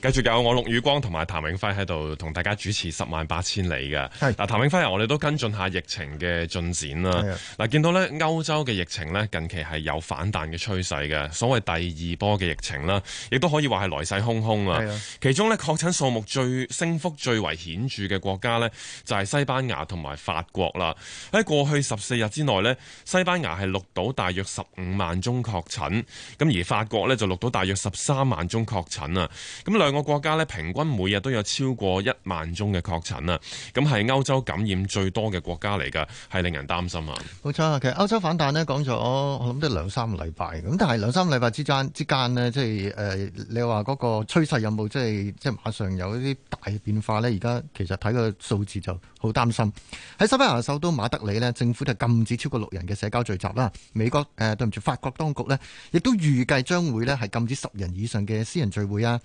繼續有我陸宇光同埋譚永輝喺度同大家主持十萬八千里嘅。係嗱，譚永輝啊，我哋都跟進下疫情嘅進展啦。嗱，見到咧歐洲嘅疫情呢近期係有反彈嘅趨勢嘅，所謂第二波嘅疫情啦，亦都可以話係來勢洶洶啊。其中咧確診數目最升幅最為顯著嘅國家呢就係西班牙同埋法國啦。喺過去十四日之內呢，西班牙係錄到大約十五萬宗確診，咁而法國呢就錄到大約十三萬宗確診啊。咁兩兩個國家咧，平均每日都有超過一萬宗嘅確診啊！咁係歐洲感染最多嘅國家嚟噶，係令人擔心啊。冇錯啊，其實歐洲反彈咧，講咗我諗都兩三個禮拜咁，但係兩三個禮拜之間之間咧，即係誒、呃，你話嗰個趨勢有冇即係即係馬上有一啲大變化呢，而家其實睇個數字就好擔心。喺西班牙首都馬德里咧，政府就禁止超過六人嘅社交聚集啦。美國誒、呃，對唔住，法國當局呢亦都預計將會呢係禁止十人以上嘅私人聚會啊。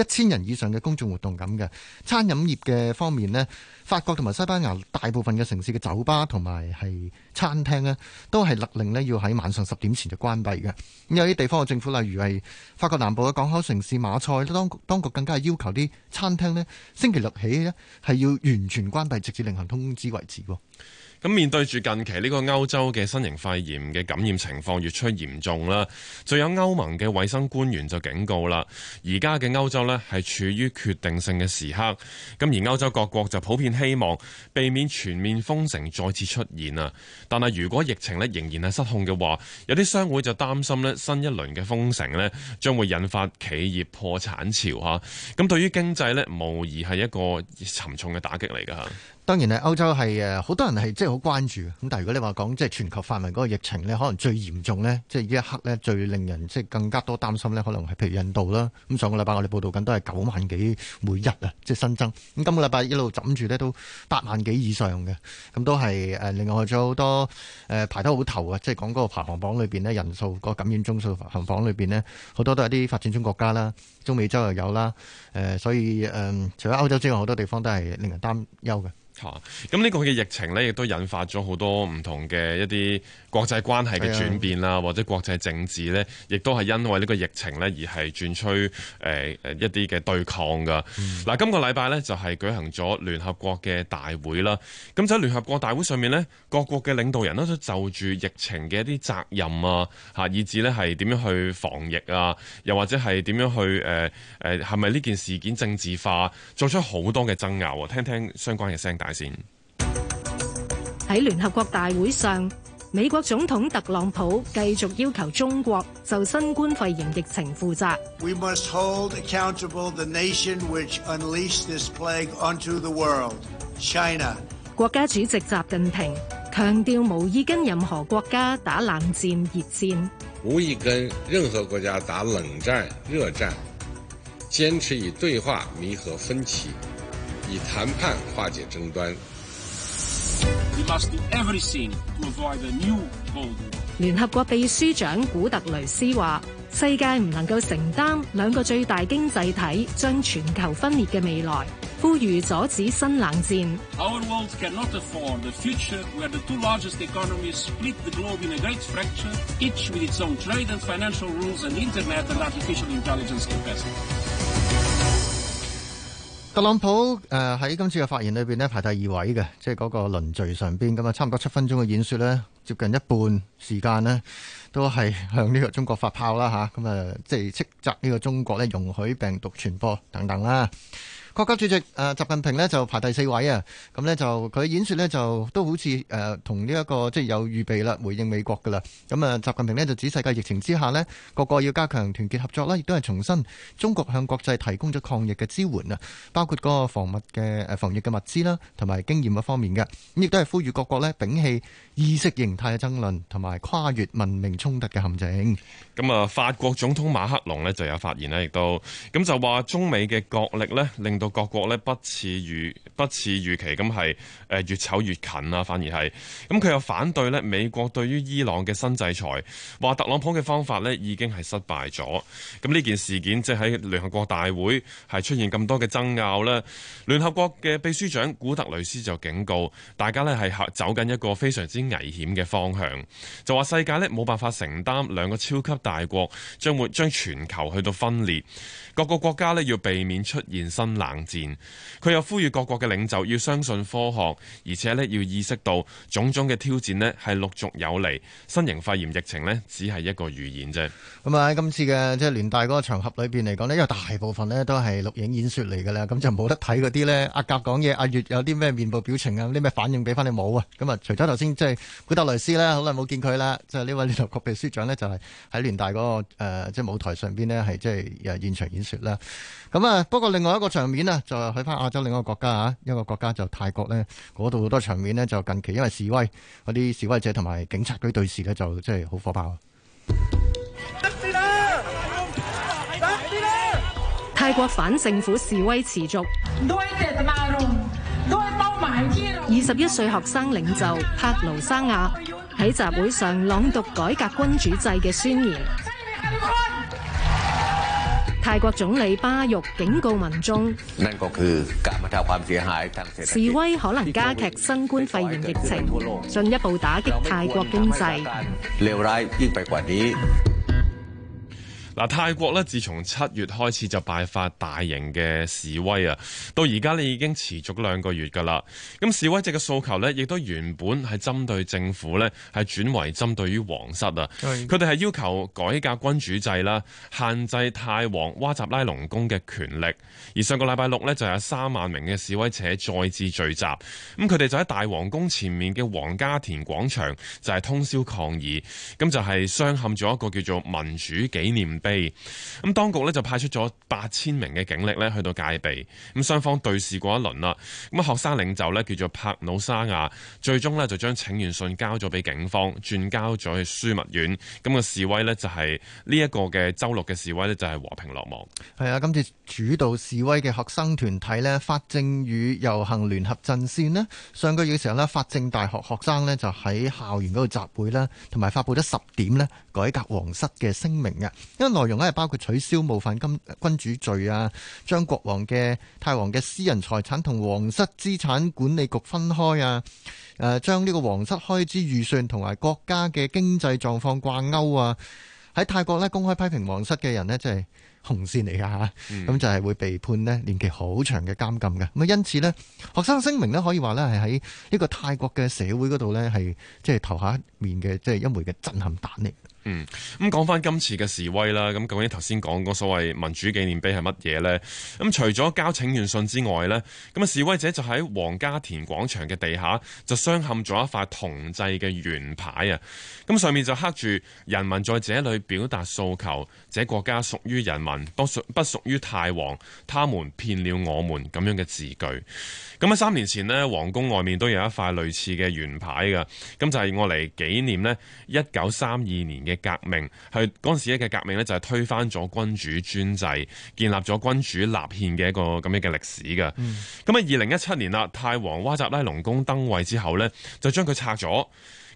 一千人以上嘅公眾活動。咁嘅餐飲業嘅方面呢，法國同埋西班牙大部分嘅城市嘅酒吧同埋係餐廳呢，都係勒令呢，要喺晚上十點前就關閉嘅。有啲地方嘅政府，例如係法國南部嘅港口城市馬賽，當當局更加係要求啲餐廳呢星期六起呢係要完全關閉，直至另行通知為止喎。咁面對住近期呢個歐洲嘅新型肺炎嘅感染情況越趨嚴重啦，仲有歐盟嘅衛生官員就警告啦，而家嘅歐洲呢，係處於決定性嘅時刻。咁而歐洲各國就普遍希望避免全面封城再次出現啊！但係如果疫情呢仍然係失控嘅話，有啲商會就擔心呢，新一輪嘅封城呢將會引發企業破產潮嚇。咁對於經濟呢，無疑係一個沉重嘅打擊嚟㗎嚇。當然咧，歐洲係誒好多人係即係好關注。咁但係如果你話講即係全球範圍嗰個疫情呢，可能最嚴重呢，即係呢一刻呢，最令人即係更加多擔心呢，可能係譬如印度啦。咁上個禮拜我哋報道緊都係九萬幾每日啊，即係新增。咁今個禮拜一路枕住呢都八萬幾以上嘅，咁都係誒另外仲有好多誒排得好頭嘅，即係講嗰個排行榜裏邊呢，人數個感染宗數排行榜裏邊呢，好多都係啲發展中國家啦，中美洲又有啦。誒所以誒、呃，除咗歐洲之外，好多地方都係令人擔憂嘅。咁、啊、呢個嘅疫情呢，亦都引發咗好多唔同嘅一啲國際關係嘅轉變啦，或者國際政治呢，亦都係因為呢個疫情呢，而係轉趨誒誒一啲嘅對抗噶。嗱、嗯啊，今個禮拜呢，就係、是、舉行咗聯合國嘅大會啦。咁就喺聯合國大會上面呢，各國嘅領導人呢都就住疫情嘅一啲責任啊，嚇、啊，以至呢係點樣去防疫啊，又或者係點樣去誒誒係咪呢件事件政治化，作出好多嘅爭拗啊！聽聽相關嘅聲帶。喺聯合國大會上，美國總統特朗普繼續要求中國就新冠肺炎疫情負責。We must hold accountable the nation which unleashed this plague onto the world, China. 國家主席習近平強調，無意跟任何國家打冷戰、熱戰，無意跟任何國家打冷戰、熱戰，堅持以對話彌合分歧。以談判化解爭端。聯合國秘書長古特雷斯話，世界唔能夠承擔兩個最大經濟體將全球分裂嘅未來，呼籲阻止新冷戰。特朗普誒喺、呃、今次嘅發言裏邊咧排第二位嘅，即係嗰個輪序上邊咁啊，差唔多七分鐘嘅演說咧，接近一半時間咧都係向呢個中國發炮啦嚇，咁啊即係斥責呢個中國咧容許病毒傳播等等啦。國家主席誒習近平咧就排第四位啊，咁咧就佢演説咧就都好似誒同呢一個即係有預備啦，回應美國嘅啦。咁啊，習近平咧就指世界疫情之下咧，各國要加強團結合作啦，亦都係重申中國向國際提供咗抗疫嘅支援啊，包括個防物嘅誒防疫嘅物資啦，同埋經驗嘅方面嘅。咁亦都係呼籲各國咧摒棄意識形態嘅爭論，同埋跨越文明衝突嘅陷阱。咁啊，法國總統馬克龍呢就有發言咧，亦都咁就話中美嘅角力呢。令到各國咧不似預不似預期咁係誒越炒越近啦，反而係咁佢又反對咧美國對於伊朗嘅新制裁，話特朗普嘅方法咧已經係失敗咗。咁呢件事件即係喺聯合國大會係出現咁多嘅爭拗咧，聯合國嘅秘書長古特雷斯就警告大家咧係走緊一個非常之危險嘅方向，就話世界咧冇辦法承擔兩個超級大國將會將全球去到分裂，各個國家咧要避免出現新冷。冷戰，佢又呼籲各國嘅領袖要相信科學，而且呢，要意識到種種嘅挑戰呢係陸續有嚟，新型肺炎疫情呢，只係一個預言啫。咁啊喺今次嘅即係聯大嗰個場合裏邊嚟講呢，因為大部分呢都係錄影演說嚟噶啦，咁就冇得睇嗰啲呢。阿甲講嘢，阿月有啲咩面部表情啊，啲咩反應俾翻你冇啊。咁啊，除咗頭先即係古特雷斯呢，好耐冇見佢啦，就呢位聯合國秘書長呢，就係喺聯大嗰、那個誒、呃、即係舞台上邊呢，係即係誒現場演說啦。咁啊，不過另外一個場面。就去睇翻亞洲另一個國家啊，一個國家就泰國呢嗰度好多場面咧，就近期因為示威嗰啲示威者同埋警察嗰啲對峙咧，就真係好火爆啊！泰國反政府示威持續，二十一歲學生領袖帕盧沙亞喺集會上朗讀改革君主制嘅宣言。泰國總理巴育警告民眾，示威可能加劇新冠肺炎疫情，進一步打擊泰國經濟。嗱，泰國咧，自從七月開始就爆發大型嘅示威啊，到而家咧已經持續兩個月噶啦。咁示威者嘅訴求咧，亦都原本係針對政府咧，係轉為針對於皇室啊。佢哋係要求改革君主制啦，限制泰皇哇集拉隆功嘅權力。而上個禮拜六咧，就有三萬名嘅示威者再次聚集，咁佢哋就喺大皇宮前面嘅皇家田廣場就係、是、通宵抗議，咁就係鑲嵌咗一個叫做民主紀念碑。咁，當局咧就派出咗八千名嘅警力咧，去到戒備。咁雙方對視過一輪啦。咁啊，學生領袖咧叫做帕努沙亞，最終咧就將請願信交咗俾警方，轉交咗去樞密院。咁個示威咧就係呢一個嘅周六嘅示威咧，就係和平落幕。係啊，今次主導示威嘅學生團體咧，法政與遊行聯合陣線咧，上個月嘅時候咧，法政大學學生咧就喺校園嗰度集會啦，同埋發布咗十點咧改革皇室嘅聲明嘅，內容咧包括取消冒犯金君主罪啊，將國王嘅泰王嘅私人財產同皇室資產管理局分開啊，誒，將呢個皇室開支預算同埋國家嘅經濟狀況掛鈎啊。喺泰國咧，公開批評皇室嘅人呢，即係紅線嚟噶吓，咁，嗯，就係會被判咧年期好長嘅監禁嘅。咁因此呢，學生聲明呢，可以話呢係喺呢個泰國嘅社會嗰度呢，係即係投下一面嘅即係一枚嘅震撼彈嚟。嗯，咁講翻今次嘅示威啦，咁究竟頭先講個所謂民主紀念碑係乜嘢呢？咁除咗交請願信之外呢，咁示威者就喺黃家田廣場嘅地下就鑲嵌咗一塊銅製嘅圓牌啊，咁上面就刻住人民在這裏表達訴求，這國家屬於人民，不屬不屬於泰王，他們騙了我們咁樣嘅字句。咁喺三年前呢，皇宮外面都有一塊類似嘅圓牌噶，咁就係用嚟紀念呢，一九三二年嘅革命，係嗰陣時嘅革命咧，就係推翻咗君主專制，建立咗君主立憲嘅一個咁樣嘅歷史嘅。咁、嗯、啊，二零一七年啦，泰皇哇扎拉隆功登位之後呢，就將佢拆咗。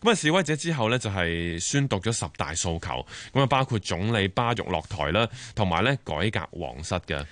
咁啊，示威者之後呢，就係、是、宣讀咗十大訴求，咁啊，包括總理巴育落台啦，同埋咧改革皇室嘅。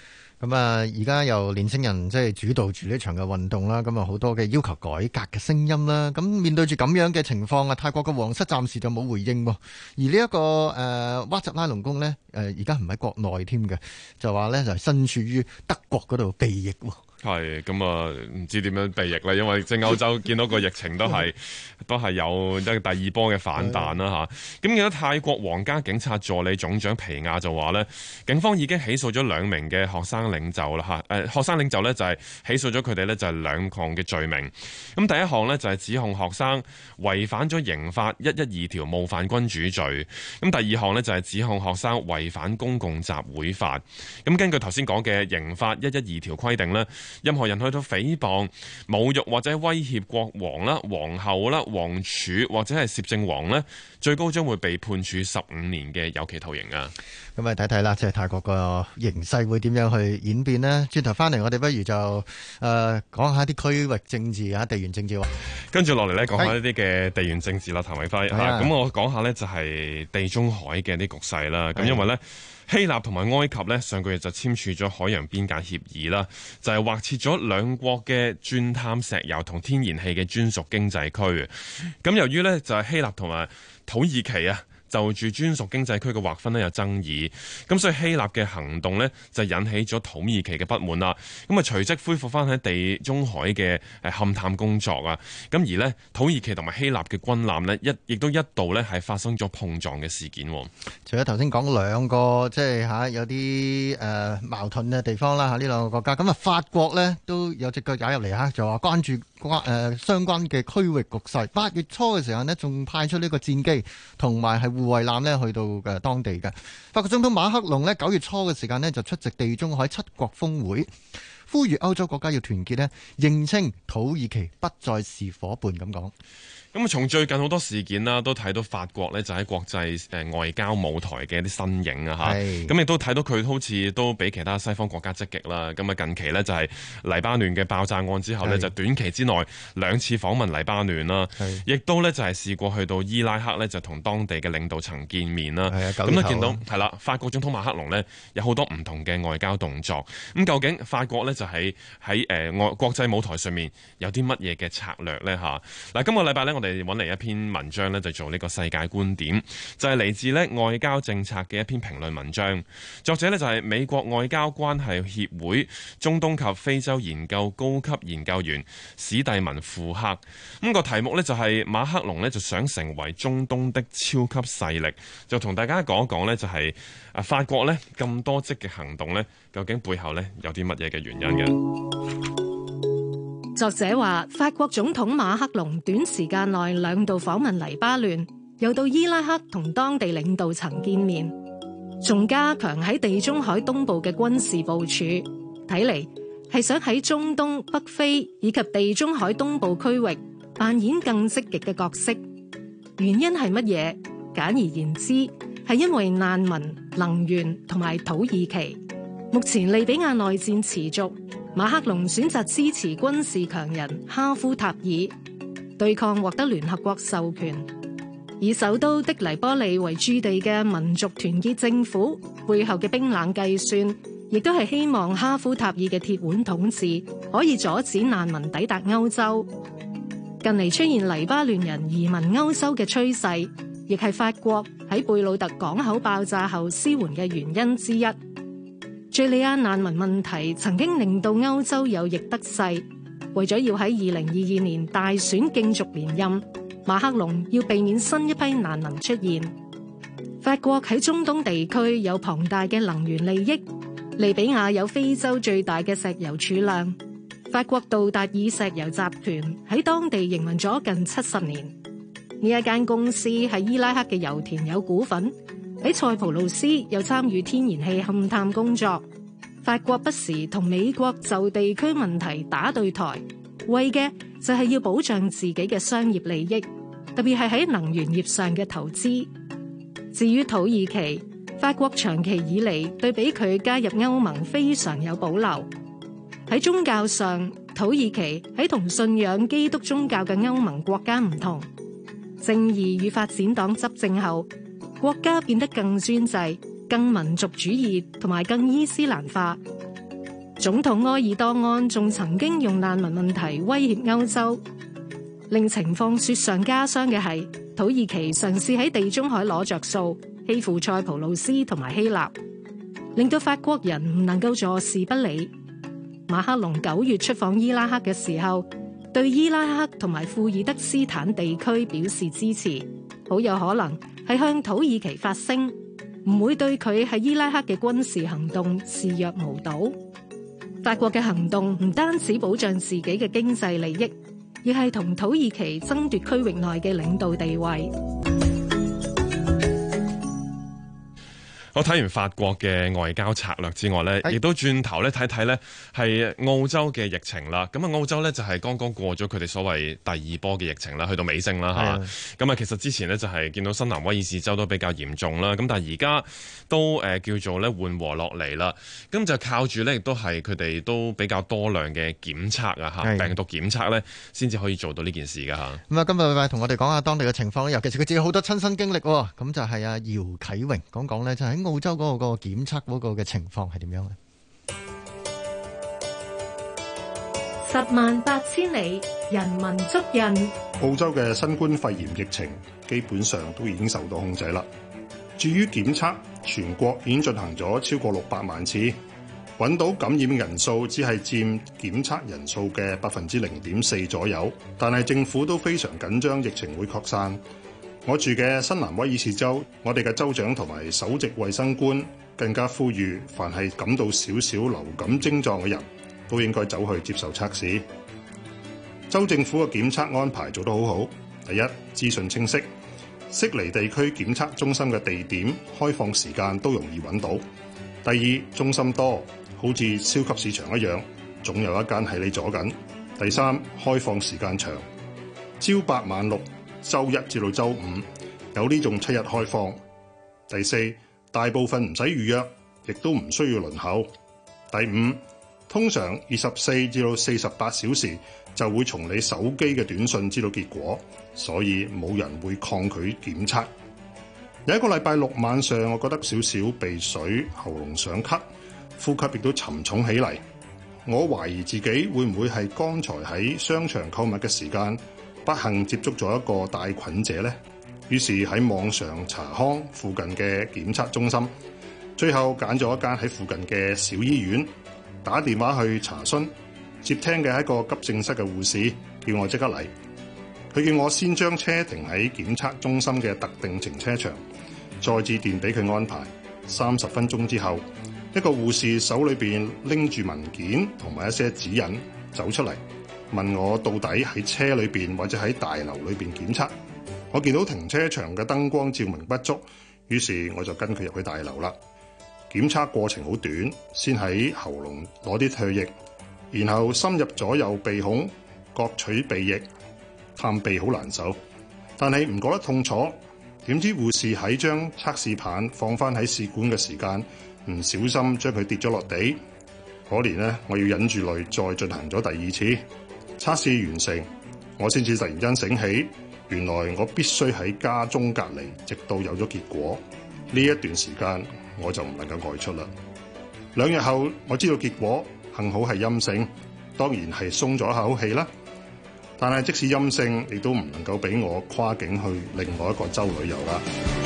咁啊，而家由年青人即係主導住呢場嘅運動啦，咁啊好多嘅要求改革嘅聲音啦。咁面對住咁樣嘅情況啊，泰國嘅皇室暫時就冇回應喎。而呢、這、一個誒、呃、瓦集拉隆宮咧，誒而家唔喺國內添嘅，就話咧就身處於德國嗰度避疫。係，咁啊唔知點樣避疫啦，因為正歐洲見到個疫情都係 都係有一第二波嘅反彈啦吓，咁見到泰國皇家警察助理總長皮亞就話咧，警方已經起訴咗兩名嘅學生。領袖啦吓，誒，學生領袖呢，就係、是、起訴咗佢哋咧，就係兩項嘅罪名。咁第一項呢，就係指控學生違反咗《刑法》一一二條，冒犯君主罪。咁第二項呢，就係指控學生違反公共集會法。咁根據頭先講嘅《刑法》一一二條規定咧，任何人去到誹謗、侮辱或者威脅國王啦、皇后啦、皇儲或者係攝政王呢，最高將會被判處十五年嘅有期徒刑啊。咁啊，睇睇啦，即係泰國個形勢會點樣去？演變啦轉頭翻嚟，我哋不如就誒講、呃、下啲區域政治啊，地緣政治。跟住落嚟咧，講下呢啲嘅地緣政治啦，譚偉輝。咁、嗯、我講下呢，就係、是、地中海嘅啲局勢啦。咁因為呢，希臘同埋埃及呢，上個月就簽署咗海洋邊界協議啦，就係劃設咗兩國嘅鑽探石油同天然氣嘅專屬經濟區。咁 由於呢，就係、是、希臘同埋土耳其啊。就住專屬經濟區嘅劃分呢，有爭議，咁所以希臘嘅行動呢，就引起咗土耳其嘅不滿啦。咁啊隨即恢復返喺地中海嘅誒勘探工作啊。咁而呢，土耳其同埋希臘嘅軍艦呢，一亦都一度呢，係發生咗碰撞嘅事件。除咗頭先講兩個即係嚇有啲誒矛盾嘅地方啦嚇，呢兩個國家，咁啊法國呢，都有隻腳踩入嚟嚇，就話關注。關、呃、相關嘅區域局勢，八月初嘅時候呢，仲派出呢個戰機同埋係護衛艦呢，去到嘅當地嘅。法國總統馬克龍呢，九月初嘅時間呢，就出席地中海七國峰會。呼籲歐洲國家要團結咧，認清土耳其不再是伙伴咁講。咁啊，從最近好多事件啦，都睇到法國咧就喺國際誒外交舞台嘅一啲身影啊嚇。咁亦都睇到佢好似都比其他西方國家積極啦。咁啊，近期咧就係黎巴嫩嘅爆炸案之後咧，就短期之內兩次訪問黎巴嫩啦。係，亦都咧就係試過去到伊拉克咧，就同當地嘅領導層見面啦。係啊，咁都見到係啦。法國總統馬克龍咧有好多唔同嘅外交動作。咁究竟法國咧？就喺喺誒外國際舞台上面有啲乜嘢嘅策略咧吓嗱，今個禮拜咧我哋揾嚟一篇文章咧就做呢個世界觀點，就係、是、嚟自咧外交政策嘅一篇評論文章，作者咧就係美國外交關係協會中東及非洲研究高級研究員史蒂文庫克，咁個題目咧就係馬克龍咧就想成為中東的超級勢力，就同大家講一講咧就係啊法國咧咁多積極行動咧究竟背後咧有啲乜嘢嘅原因？作者話：法國總統馬克龍短時間內兩度訪問黎巴嫩，又到伊拉克同當地領導層見面，仲加強喺地中海東部嘅軍事部署。睇嚟係想喺中東、北非以及地中海東部區域扮演更積極嘅角色。原因係乜嘢？簡而言之，係因為難民、能源同埋土耳其。目前利比亞內戰持續，馬克龍選擇支持軍事強人哈夫塔爾，對抗獲得聯合國授權，以首都的黎波里為駐地嘅民族團結政府背後嘅冰冷計算，亦都係希望哈夫塔爾嘅鐵腕統治可以阻止難民抵達歐洲。近嚟出現黎巴嫩人移民歐洲嘅趨勢，亦係法國喺貝魯特港口爆炸後施援嘅原因之一。敘利亞難民問題曾經令到歐洲右翼得勢，為咗要喺二零二二年大選競逐連任，馬克龍要避免新一批難民出現。法國喺中東地區有龐大嘅能源利益，利比亞有非洲最大嘅石油儲量。法國道達爾石油集團喺當地營運咗近七十年，呢一間公司喺伊拉克嘅油田有股份。喺塞浦路斯又參與天然氣勘探工作，法國不時同美國就地區問題打對台，為嘅就係要保障自己嘅商業利益，特別係喺能源業上嘅投資。至於土耳其，法國長期以嚟對比佢加入歐盟非常有保留。喺宗教上，土耳其喺同信仰基督宗教嘅歐盟國家唔同，正義與發展黨執政後。國家變得更專制，更民族主義同埋更伊斯蘭化。總統埃爾多安仲曾經用難民問題威脅歐洲，令情況雪上加霜嘅係土耳其嘗試喺地中海攞着數，欺負塞浦路斯同埋希臘，令到法國人唔能夠坐視不理。馬克龍九月出訪伊拉克嘅時候，對伊拉克同埋庫爾德斯坦地區表示支持，好有可能係向土耳其發聲，唔會對佢喺伊拉克嘅軍事行動視若無睹。法國嘅行動唔單止保障自己嘅經濟利益，亦係同土耳其爭奪區域內嘅領導地位。我睇完法國嘅外交策略之外咧，亦都轉頭咧睇睇咧，係澳洲嘅疫情啦。咁啊，澳洲咧就係剛剛過咗佢哋所謂第二波嘅疫情啦，去到尾聲啦嚇。咁啊，其實之前咧就係見到新南威爾士州都比較嚴重啦，咁但係而家都誒叫做咧緩和落嚟啦。咁就靠住咧亦都係佢哋都比較多量嘅檢測啊嚇，病毒檢測咧，先至可以做到呢件事㗎嚇。咁啊，今日同我哋講下當地嘅情況，尤其是佢自己好多親身經歷喎。咁就係啊，姚啟榮講講咧、就係，澳洲嗰個檢測嗰個嘅情況係點樣呢？十萬八千里，人文足印。澳洲嘅新冠肺炎疫情基本上都已經受到控制啦。至於檢測，全國已經進行咗超過六百萬次，揾到感染人數只係佔檢測人數嘅百分之零點四左右。但係政府都非常緊張，疫情會擴散。我住嘅新南威爾士州，我哋嘅州長同埋首席衛生官更加呼籲，凡係感到少少流感症狀嘅人，都應該走去接受測試。州政府嘅檢測安排做得好好。第一，資訊清晰，悉尼地區檢測中心嘅地點、開放時間都容易揾到。第二，中心多，好似超級市場一樣，總有一間喺你左近。第三，開放時間長，朝八晚六。周一至到周五有呢種七日開放。第四，大部分唔使預約，亦都唔需要輪候。第五，通常二十四至到四十八小時就會從你手機嘅短訊知道結果，所以冇人會抗拒檢測。有一個禮拜六晚上，我覺得少少鼻水、喉嚨上咳、呼吸亦都沉重起嚟，我懷疑自己會唔會係剛才喺商場購物嘅時間。不幸接觸咗一個帶菌者呢，於是喺網上查康附近嘅檢測中心，最後揀咗一間喺附近嘅小醫院，打電話去查詢，接聽嘅係一個急症室嘅護士，叫我即刻嚟。佢叫我先將車停喺檢測中心嘅特定停車場，再致電俾佢安排。三十分鐘之後，一個護士手裏面拎住文件同埋一些指引走出嚟。問我到底喺車裏邊或者喺大樓裏邊檢測。我見到停車場嘅燈光照明不足，於是我就跟佢入去大樓啦。檢測過程好短，先喺喉嚨攞啲唾液，然後深入左右鼻孔各取鼻液，探鼻好難受，但係唔覺得痛楚。點知護士喺將測試棒放翻喺試管嘅時間，唔小心將佢跌咗落地，可憐呢，我要忍住淚再進行咗第二次。測試完成，我先至突然間醒起，原來我必須喺家中隔離，直到有咗結果。呢一段時間我就唔能夠外出啦。兩日後我知道結果，幸好係陰性，當然係鬆咗一口氣啦。但係即使陰性，亦都唔能夠俾我跨境去另外一個州旅遊啦。